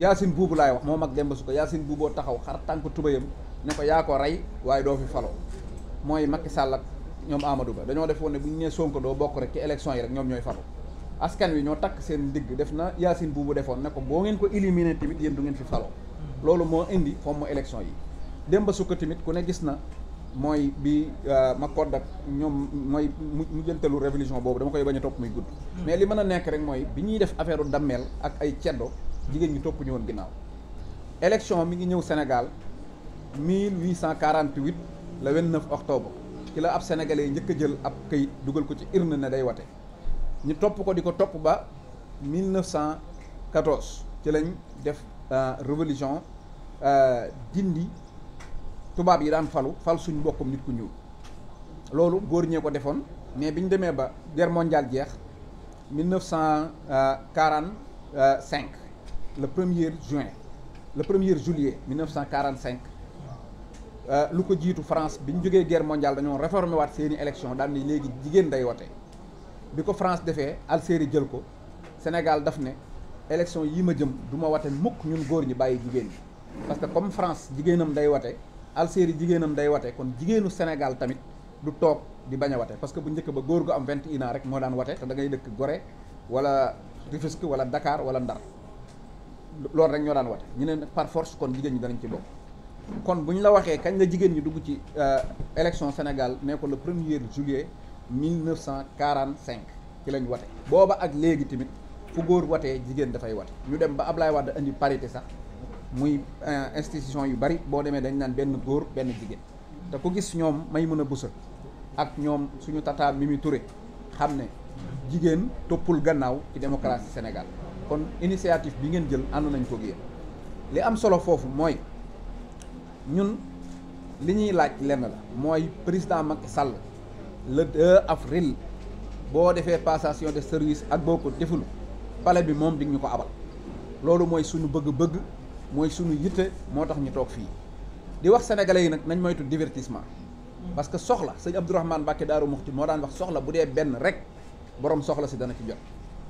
yaasin buubu laay wax moo mag demba su ko yaasin buuboo taxaw xar tànk tubayam ne ko yaa ko rey waaye doo fi falo mooy Macky Sall ak ñoom Amadou Ba dañoo defoon ne bu ñu nee Sonko doo bokk rek ci élection yi rek ñoom ñooy falo askan wi ñoo takk seen ndigg def na yaasin buubu defoon ne ko boo ngeen ko éliminer tamit yéen du ngeen fi falo loolu moo indi fomm élection yi demba su ko tamit ku ne gis na mooy bi euh, ma kodd ak ñoom mooy mu jëntalu révolution boobu dama koy bañ a topp muy gudd hmm. mais li mën a nekk rek mooy bi ñuy affaire u dammeel ak ay jigéen ñi topp ñu woon ginnaaw élection mi ngi ñëw Sénégal la le 29 octobre ci la ab sénégalais yi njëkk a jël ab këyit dugal ko ci urne na day wate ñu topp ko di ko topp ba 1914 ci lañ def euh, révolution euh, dindi tubaab yi daan falu fal suñ mbokkum nit ku ñuul loolu góor ñee ko defoon mais bi ñu demee ba guerre mondiale jeex 1945 le premier juin le premier juillet 1945 euh, lu ko jiitu France bi ñu jógee guerre mondiale dañoo réformé waat seeni élection daan ni léegi jigéen day wote bi ko France defee Algérie jël ko Sénégal daf ne élection yi ma jëm du ma wote mukk ñun góor ñi bàyyi jigéen ñi parce que comme France jigéenam day wote Algérie jigéenam day wote kon jigéenu Sénégal tamit du toog di bañ wate wote que bu njëkk ba góor gu am vingt et un rek moo daan wote te da ngay dëkk Gorée wala Rufisque wala Dakar wala Ndar loolu rek ñoo daan wate ñu ne par force kon jigéen ñi danañ ci bokk kon bu ñu la waxee kañ la jigéen ñi dugg ci euh, élection Sénégal nee ko le premier juillet 1945 ci lañ wate booba ak léegi tamit fu góor watee jigéen dafay wate ñu dem ba Ablaye Wade indi parité sax muy euh, institution yu bari boo demee dañ naan benn góor benn jigéen te ku gis ñoom may mën a busa ak ñoom suñu tata Mimi Touré xam ne jigéen toppul gannaaw ci démocratie Sénégal kon initiative bi ngeen jël ànd nañ ko yéen li am solo foofu mooy ñun li ñuy laaj lenn la mooy président Macky Sall le 2 avril boo defee passation de service ak boo ko deful palais bi moom di ñu ko abal loolu mooy suñu bëgg-bëgg mooy suñu yitte moo tax ñu toog fii di wax sénégalais yi nag nañ moytu divertissement parce que soxla sëñ Abdourahmane Mbacke Daaru Muxti moo daan wax soxla bu dee benn rek borom soxla si dana ci jot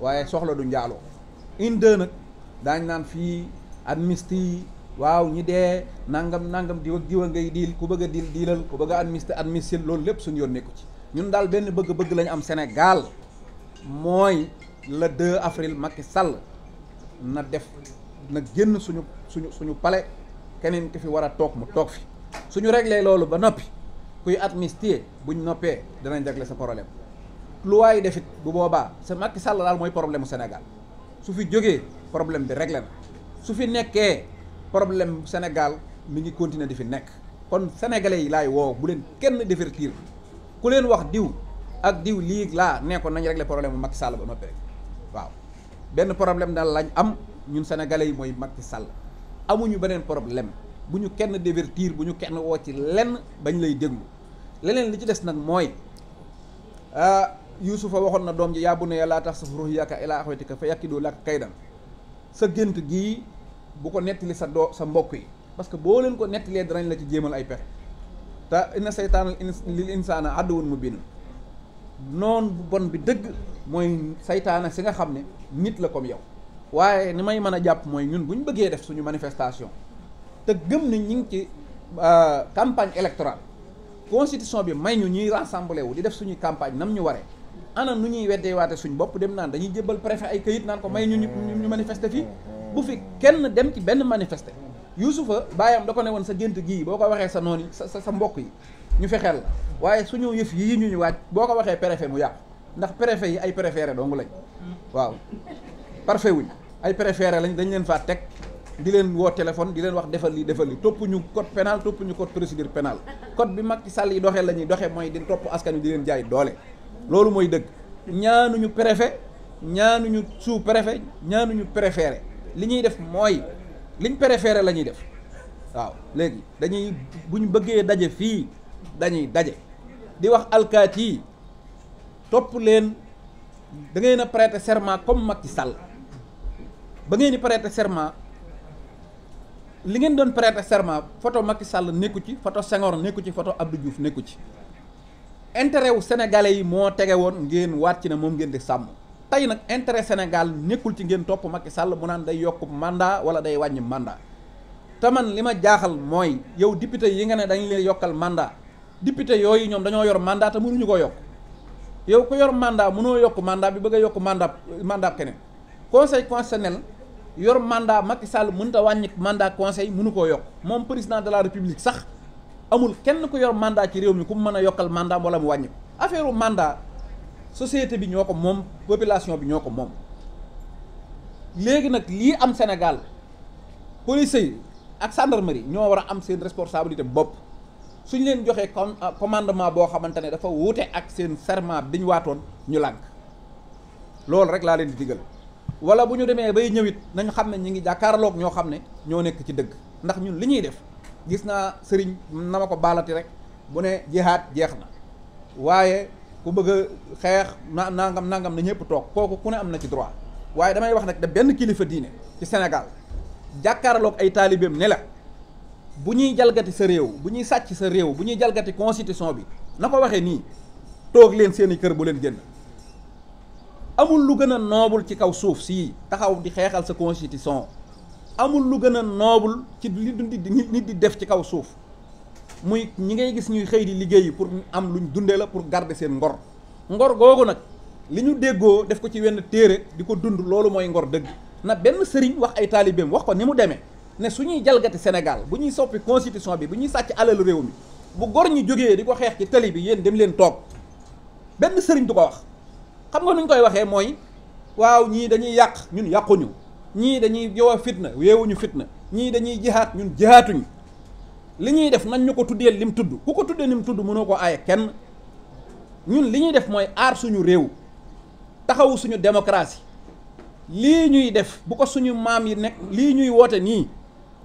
waaye soxla du njaaloo une deux nag daañ naan fii amnistie yi waaw ñi dee nangam nangam diw ak diw a ngay diil ku bëgg a diil diilal ku bëgg a amnistie amnistie loolu lépp suñu yoon nekku ci ñun daal benn bëgg-bëgg lañu am senegaal mooy le 2 avril Macky Sall na def na génn suñu suñu suñu pale keneen ki fi war a toog mu toog fi suñu réglé loolu ba noppi kuy amnistie buñ noppee danañ jagle sa problème lu waay defit bu boobaa sa Macky Sall daal mooy problème mu Sénégal su fi jógee problème di réglé na su fi nekkee problème Sénégal mi ngi continuer di fi nekk kon sénégalais yi laay woo bu leen kenn divertir ku leen wax diw ak diw lii laa nekkoon nañ réglé problème bu Macky Sall ba noppi rek waaw benn problème daal lañ am ñun sénégalais yi mooy Macky Sall amuñu beneen problème bu ñu kenn divertir bu ñu kenn woo ci lenn bañ lay déglu leneen li ci des nag mooy. Ah, yuusufa waxoon na doom ji yaa bunayya laa taxsaf ru'yaaka ilaa axwatika fa yakiidu laka kaydan sa gént gii bu ko nettali sa doo sa mbokk yi parce que boo leen ko nettalee danañ la ci jéemal ay per te inna saytaana lil insaana aduwwun mubiin noon bu bon bi dëgg mooy seytaana si nga xam ne nit la comme yow waaye ni may mën a jàpp mooy ñun bu ñu bëggee def suñu manifestation te gëm ni ñu ngi ci euh, campagne électorale constitution bi may ñu ñuy rassembler di def suñuy campagne nam ñu waree ana nu ñuy weddee waate suñ bopp dem naan dañuy jébbal préfet ay këyit naan ko may ñu ñu manifester fii bu fi kenn dem ci benn manifester Youssoufa baayam da ko ne woon sa gént gii boo ko waxee sa noon yi sa sa mbokk yi ñu fexeel la waaye suñu yëf yii ñu ñu waaj boo ko waxee préfet mu yàqu ndax préfet yi ay préféré dong lañ waaw parfait wuñ ay préféré lañ dañ leen faa teg di leen woo téléphone di leen wax defal lii defal lii topp ñu code pénal topp ñu code procédure pénale code bi Macky Sall yi doxee la ñuy doxee mooy di topp askan wi di jaay doole loolu mooy dëgg ñaanuñu préfet ñaanuñu sous préfet ñaanuñu préféré li ñuy def mooy liñ préféré lañuy def waaw léegi dañuy buñ bëggee daje fii dañuy daje di wax alkaati yi topp leen dangeen ngeen a prêter serment comme Macky Sall ba ngeen di prêter serment li ngeen doon prêter serment photo Macky sàll nekku ci photo Senghor nekku ci photo Abdou Diouf nekku ci intérêt wu sénégalais yi moo tege woon ngeen ci na moom ngeen di sàmm tey nag intérêt Sénégal nekkul ci ngeen topp Macky sàll mu naan day yokk mandat wala day wàññi mandat te man li ma jaaxal mooy yow député yi nga ne dañ leen yokkal mandat député yooyu ñoom dañoo yor mandat te mënuñu ko yokk yow ku yor mandat mënoo yokk mandat bi bëgg a yokk mandat mandat keneen conseil constitutionnel yor mandat Macky Sall mënut a wàññi mandat conseil mënu koo yokk moom président de la république sax. amul kenn ku yor mandat ci réew mi ku mu mën a yokkal mandat wala mu wàññi ko affaire mandat société bi ñoo ko moom population bi ñoo ko moom léegi nag lii am senegal police yi ak gendarmerie ñoo war a am seen responsabilité bopp suñ leen joxee ah, commandement boo xamante ne dafa wuute ak seen serment bi waatoon ñu lànk loolu rek laa leen di digal wala bu ñu demee bay ñëwit nañu xam ne ñu ngi jàkkaarlook ñoo xam ne ñoo nekk ci dëgg ndax ñun li ñuy def gis naa sëriñ na ma ko balati rek bu ne jeexaat jeex na waaye ku bëgg a xeex na nangam nangam na ñëpp toog kooku ku ne am na ci droit waaye damay wax nag da benn kilifa diine ci Sénégal jàkkaarloog ay taalibeem ne la bu ñuy jalgati sa réew bu ñuy sàcc sa réew bu ñuy jalgati constitution bi na ko waxee nii toog leen seeni kër bu leen jën amul lu gën a noobul ci kaw suuf sii taxaw di xeexal sa constitution amul lu gën a noble ci li dundi nit di def ci kaw suuf muy ñi ngay gis ñuy xëy di liggéey pour am lu luñ dundee la pour garder seen ngor ngor googu nag li ñu déggoo def ko ci wenn téere di ko dund loolu mooy ngor dëgg na benn sëriñ wax ay taalibeem wax ko ni mu demee ne su ñuy jalgati Sénégal bu ñuy soppi constitution bi bu ñuy sàcc alalu réew mi bu gor ñi jógee di ko xeex ci tali bi yéen dem leen toog benn sëriñ du ko wax xam nga nuñ koy waxee mooy waaw ñii dañuy yàq ñun yàquñu ñii dañuy yow fitna yeewuñu fitna ñii dañuy jihaat ñun jihaatuñu li ñuy def nañ ñu ko tuddee lim tudd ku ko tuddee lim tudd mënoo ko aaye kenn ñun li ñuy def mooy aar suñu réew taxawu suñu démocratie lii ñuy def bu ko suñu maam yi nekk lii ñuy woote nii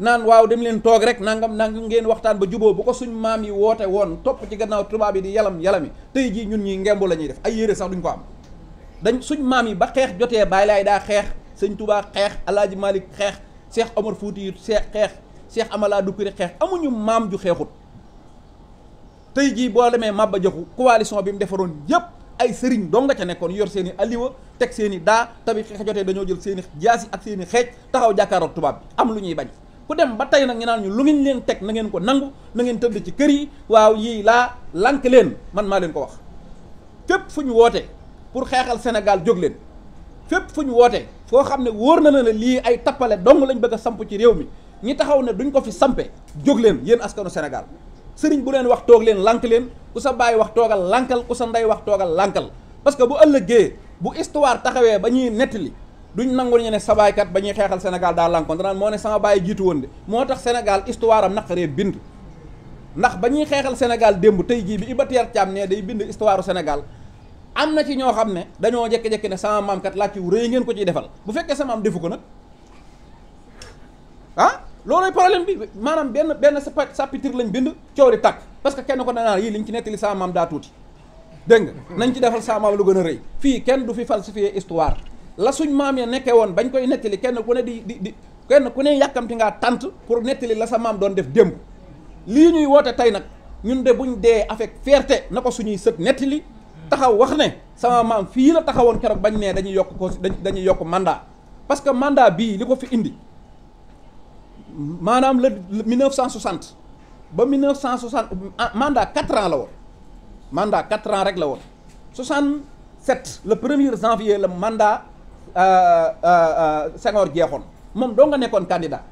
naan waaw dem leen toog rek nangam nangam ngeen waxtaan ba juboo bu ko suñu maam yi woote woon topp ci gannaaw tubaab yi di yalam yalami tey jii ñun ñuy ngemb la ñuy def ay yére sax duñ ko am dañ suñ maam yi ba xeex jotee bàyyi laay daa xeex. sëñ Touba xeex alaaji Malick xeex Cheikh Omar Fouti xeex Cheikh Amala Dukure xeex amuñu maam ju xeexut tey jii boo demee Maba Jaxu coalition bi mu defaroon yëpp ay sëriñ doo nga ca nekkoon yor seen i aliwa teg seen i daa tamit xeex jotee dañoo jël seen i jaasi ak seen xeej taxaw jàkkaaroog tubaab bi am lu ñuy bañ ku dem ba tey nag ñu naan ñu lu ngeen leen teg na ngeen ko nangu na ngeen tëdd ci kër yi waaw yii laa lank leen man maa leen ko wax képp fu ñu woote pour xeexal Sénégal jóg leen fépp fu ñu wootee foo xam ne wóor na la ne lii ay tappale dong lañ bëgg a samp ci réew mi ñi taxaw ne duñ ko fi sampe jóg leen yéen askanu Sénégal sëriñ bu leen wax toog leen lank leen ku sa bàyyi wax toogal lankal ku sa ndey wax toogal lankal parce que bu ëllëgee bu histoire taxawee ba ñuy nettali duñ nangu ñu ne sabaaykat ba ñuy xeexal Sénégal daa lànkoon danaan moo ne sama bàyyi jiitu woon de moo tax Sénégal histoire naqaree bind ndax ba ñuy xeexal Sénégal démb tey jii bi Iba Ter Thiam ne day bind histoire Sénégal am na ci ñoo xam ne dañoo jékki-jékki ne sama maam kat laaj yu rëy ngeen ko ciy defal bu fekkee sama maam defu ko nag loolu ah, loolooy problème bi maanaam benn benn chapitre lañ bind coow di parce que kenn ko danaa yii ñu ci nettali sama maam daa tuuti dégg nga nañ ci defal sama maam lu gën a rëy fii kenn du fi falsifier histoire la suñ maam ya nekkee woon bañ koy nettali kenn ku ne di di kenn ku ne yàkkamti ngaa tant pour nettali la sa maam doon def démb lii ñuy woote tey nag ñun de buñ dee avec fierté na ko suñuy sët nettali taxaw wax ne sama maam fii la taxawoon keroog bañ ne dañuy yokk ko dañuy yokk mandat parce que mandaa bii li ko fi indi maanaam le 1960 ba 1960 ah, mandat 4 ans la woon mandat 4 ans rek la woon 67 le 1er janvier la mandaa euh, euh, euh, Senghor jeexoon moom doo nga nekkoon candidat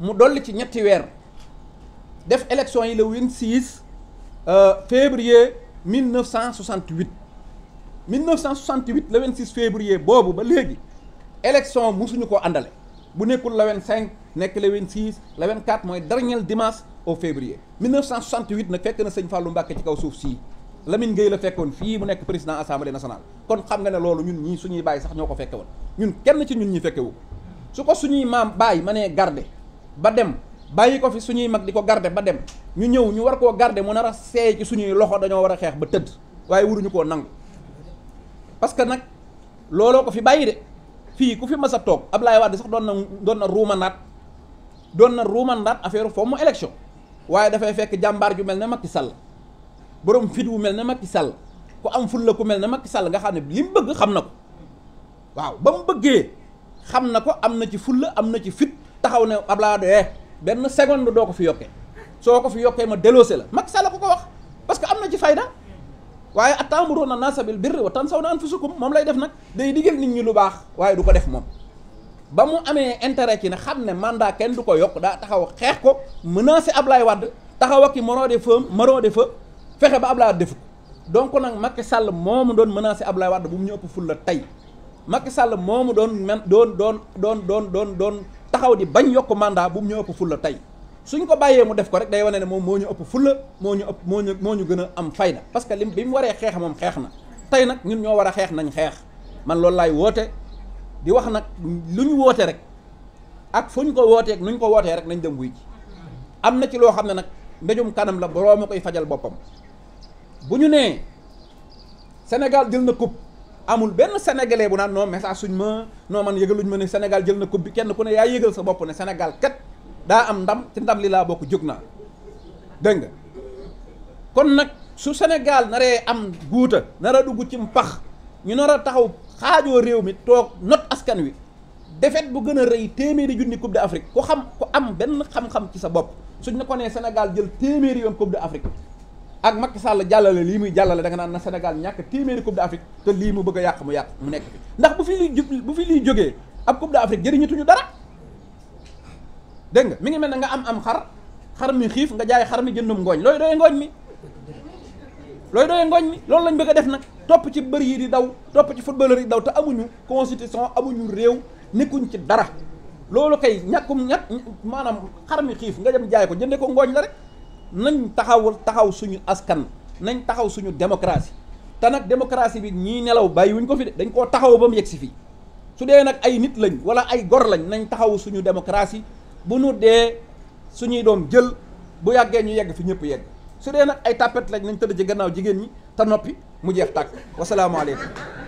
mu dolli ci ñetti weer def élection yi le 26 février. 1968 1968 le 26 février boobu ba léegi élection musuñu ko àndale bu nekkul le 25 nekk le 26 le 24 mooy dernier dimanche au février 1968 nag fekk na sëñ Fallou Mbacke ci kaw suuf sii Lamine Gueye la fekkoon fii mu nekk président assemblée nationale kon xam nga ne loolu ñun ñi suñuy bàyyi sax ñoo ko fekke woon ñun kenn ci ñun ñi fekke wu su ko suñuy maam bàyyi ma nee garde ba dem bàyyi ko fi suñuy mag di ko garde ba dem ñu ñëw ñu war koo garde mu nar a seey ci suñuy loxo dañoo war a xeex ba tëdd waaye wuruñu ko nangu parce que nag looloo ko fi bàyyi de fii ku fi mas a toog Ablaye Wade sax doon na doon na ruumandaat doon na ruumandaat affaire foofu mu élection waaye dafay fekk jàmbaar ju mel ne Macky Sall borom fit wu mel ne Macky Sall ku am fulla ku mel ne Macky Sall nga xam ne li mu bëgg xam na ko waaw ba mu bëggee xam na ko am na ci fulla am na ci fit taxaw ne Ablaye eh, benn seconde doo ko fi yokkee soo ko fi yokkee ma déloosé la Macky Sall ko ko wax parce que am na ci fayda waaye ataamuruuna naasa bil birri wa tansawna anfusakum moom lay def nag day digal nit ñi lu baax waaye du ko def moom ba mu amee intérêt ci ne xam ne mandat kenn du ko yokk daa taxaw xeex ko menacé Ablaye Wade taxaw ak i maroo de feu maroo de feu fexe ba Ablaye Wade defu donc nag Macky Sall moomu doon menacé Ablaye wadd bu mu ñëpp ful la tey Macky Sall moomu doon men doon doon doon doon doon doon taxaw di bañ yokk mandat bu mu ñu ëpp fulla tey suñ ko bàyyee mu def ko rek day wane ne moom moo ñu ëpp fulla moo ñu ëpp moo ñu moo ñu gën a am fayda parce que lim bi mu waree xeex moom xeex na tey nag ñun ñoo war a xeex nañ xeex man loolu laay woote di wax nag lu ñu woote rek ak fu ñu ko wootee nu ñu ko wootee rek nañ dem wuy ji am na ci loo xam ne nag mbéjum kanam la boroom a koy fajal boppam bu ñu nee Sénégal jël na coupe amul benn sénégalais bu naan non message suñ ma noo man yëgaluñ ma ne Sénégal jël na coupe bi kenn ku ne yaa yëgal sa bopp ne Sénégal kat daa am ndam ci ndam li laa bokk jóg naa dégg nga kon nag su senegal naree am guuta nar a dugg ci mpax ñu nar a taxaw xaajoo réew mi toog not askan wi defet bu gën a rëy téeméeri junni coupe d'Afrique ku xam ku am benn xam-xam ci sa bopp suñ ne ko ne Sénégal jël téeméeri yoon coupe d'Afrique ak Macky Sall jàllale lii muy jàllale da nga naan na Sénégal ñàkk téeméeri Coupe d'Afrique te lii mu bëgg a yàq mu yàq mu nekk fi ndax bu fi liy ju bu fi liy jógee ab Coupe d'Afrique jëriñatuñu dara dégg nga mi ngi mel ne nga am am xar xar mi xiif nga jaay xar mi jëndum ngooñ looy doyee ngooñ mi looy doyee mi loolu lañ bëgg a def nag topp ci mbër yi di daw topp ci footballeur yi di daw te amuñu constitution amuñu réew nekkuñ ci dara loolu kay ñàkkum ñàkk maanaam xar mi xiif nga dem jaay ko jënde ko ngooñ la rek nañ taxawal taxaw suñu askan nañ taxaw suñu démocratie te nag démocratie bi ñii nelaw bàyyiwuñ ko fi de dañ koo taxaw ba mu yegg si fii su dee nag ay nit lañ wala ay gor lañ nañ taxaw suñu démocratie bu nu dee suñuy doom jël bu yàggee ñu yegg fi ñëpp yegg su dee nag ay tàppet lañ nañ tëdd ci gannaaw jigéen ñi te noppi mu jeex tàkk wasalaamaaleykum